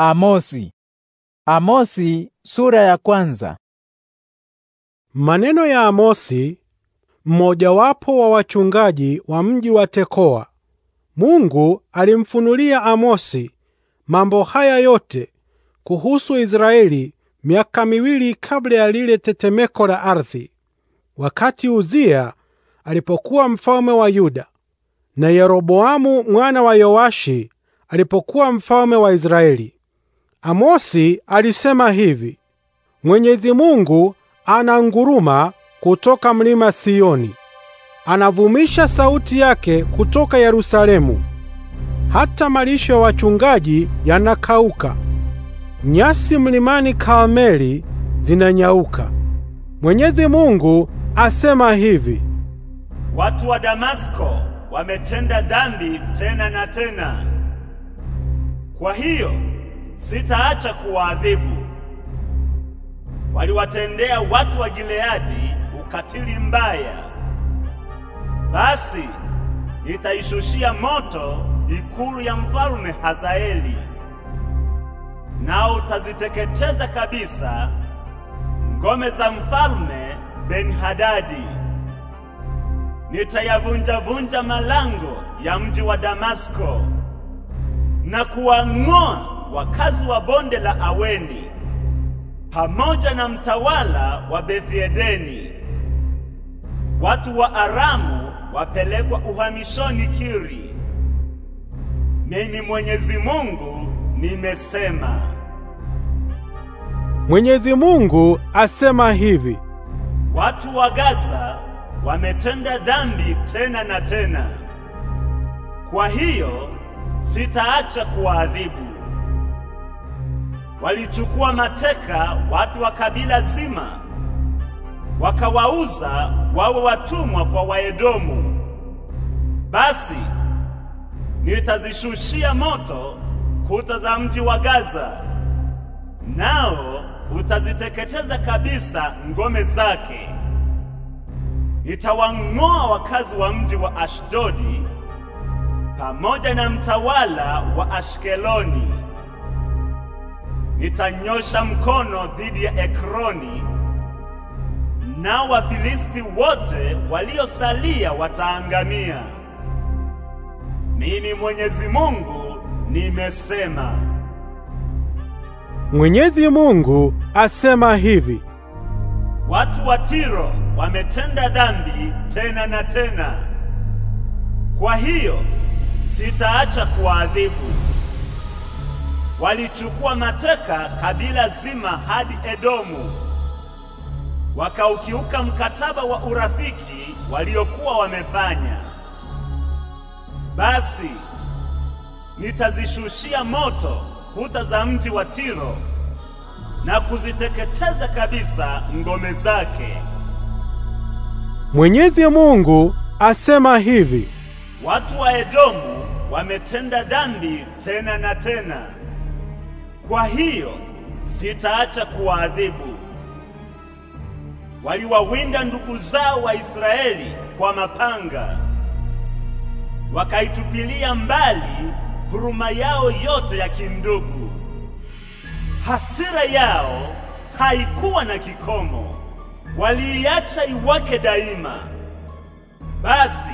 Amosi. Amosi sura ya kwanza. Maneno ya Amosi, mmojawapo wa wachungaji wa mji wa Tekoa. Mungu alimfunulia Amosi mambo haya yote kuhusu Israeli miaka miwili kabla ya lile tetemeko la ardhi, wakati Uzia alipokuwa mfalme wa Yuda na Yeroboamu mwana wa Yoashi alipokuwa mfalme wa Israeli. Amosi alisema hivi: Mwenyezi Mungu ananguruma kutoka mlima Sioni, anavumisha sauti yake kutoka Yerusalemu. Hata malisho ya wachungaji yanakauka, nyasi mlimani Karmeli zinanyauka. Mwenyezi Mungu asema hivi: watu wa Damasko wametenda dhambi tena na tena, kwa hiyo sitaacha kuwaadhibu. Waliwatendea watu wa Gileadi ukatili mbaya, basi nitaishushia moto ikulu ya mfalme Hazaeli, nao utaziteketeza kabisa ngome za mfalme Ben-Hadadi. Nitayavunja-vunja malango ya mji wa Damasko na kuwang'oa wakazi wa bonde la Aweni pamoja na mtawala wa bethyedeni Watu wa Aramu wapelekwa uhamishoni Kiri. Mimi Mwenyezi Mungu nimesema. Mwenyezi Mungu asema hivi: watu wa Gaza wametenda dhambi tena na tena, kwa hiyo sitaacha kuwaadhibu walichukua mateka watu wa kabila zima, wakawauza wawe watumwa kwa Waedomu. Basi nitazishushia moto kuta za mji wa Gaza, nao utaziteketeza kabisa ngome zake. Nitawang'oa wakazi wa mji wa Ashdodi pamoja na mtawala wa Ashkeloni nitanyosha mkono dhidi ya Ekroni, nao Wafilisti wote waliosalia wataangamia. Mimi Mwenyezi Mungu nimesema. Mwenyezi Mungu asema hivi: watu wa Tiro wametenda dhambi tena na tena, kwa hiyo sitaacha kuwaadhibu walichukua mateka kabila zima hadi Edomu, wakaukiuka mkataba wa urafiki waliokuwa wamefanya. Basi nitazishushia moto kuta za mji wa Tiro na kuziteketeza kabisa ngome zake. Mwenyezi Mungu asema hivi: watu wa Edomu wametenda dhambi tena na tena. Kwa hiyo sitaacha kuwaadhibu. Waliwawinda ndugu zao wa Israeli kwa mapanga, wakaitupilia mbali huruma yao yote ya kindugu. Hasira yao haikuwa na kikomo, waliiacha iwake daima. Basi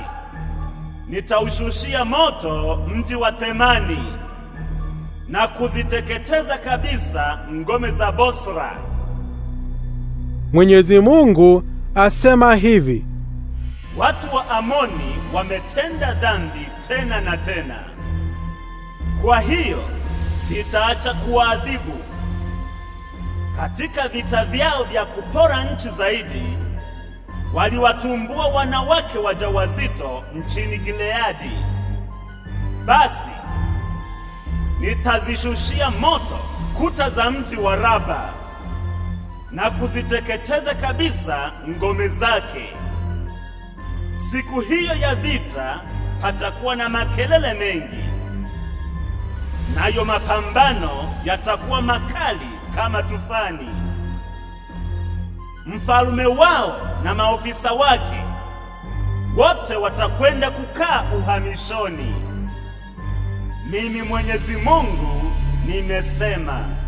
nitaushushia moto mji wa Temani na kuziteketeza kabisa ngome za Bosra. Mwenyezi Mungu asema hivi: Watu wa Amoni wametenda dhambi tena na tena, kwa hiyo sitaacha kuwaadhibu. Katika vita vyao vya kupora nchi zaidi, waliwatumbua wanawake wajawazito nchini Gileadi. Basi nitazishushia moto kuta za mji wa Raba na kuziteketeza kabisa ngome zake. Siku hiyo ya vita patakuwa na makelele mengi, nayo mapambano yatakuwa makali kama tufani. Mfalme wao na maofisa wake wote watakwenda kukaa uhamishoni. Mimi Mwenyezi Mungu nimesema.